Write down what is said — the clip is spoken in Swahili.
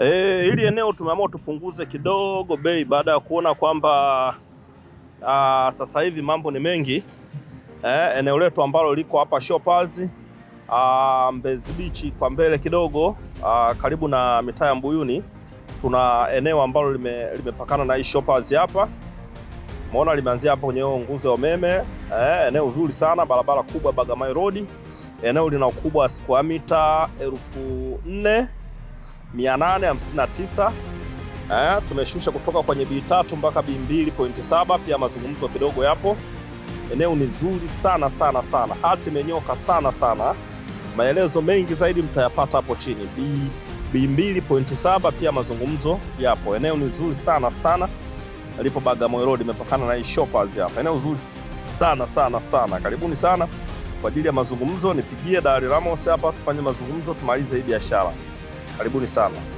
E, eh, hili eneo tumeamua tupunguze kidogo bei baada ya kuona kwamba ah, sasa hivi mambo ni mengi e, eneo letu ambalo liko hapa Shoppers ah, Mbezi Beach kwa mbele kidogo a, ah, karibu na mitaa ya Mbuyuni tuna eneo ambalo lime, limepakana na hii Shoppers hapa Umeona limeanzia hapo kwenye nguzo ya umeme eh, eneo zuri sana, barabara kubwa Bagamoyo Road. Eneo lina ukubwa wa square mita elfu nne. 859 eh, tumeshusha kutoka kwenye B3 mpaka B2.7. Pia mazungumzo kidogo yapo. Eneo ni zuri sana sana sana, hati imenyoka sana sana. Maelezo mengi zaidi mtayapata hapo chini. B2.7 b pia mazungumzo yapo. Eneo ni zuri sana sana, lipo Bagamoyo Road, imepakana na Shoppers hapa. Eneo zuri sana sana sana, karibuni sana kwa ajili ya mazungumzo. Nipigie Dari Ramos hapa tufanye mazungumzo, tumalize hii biashara. Karibuni sana.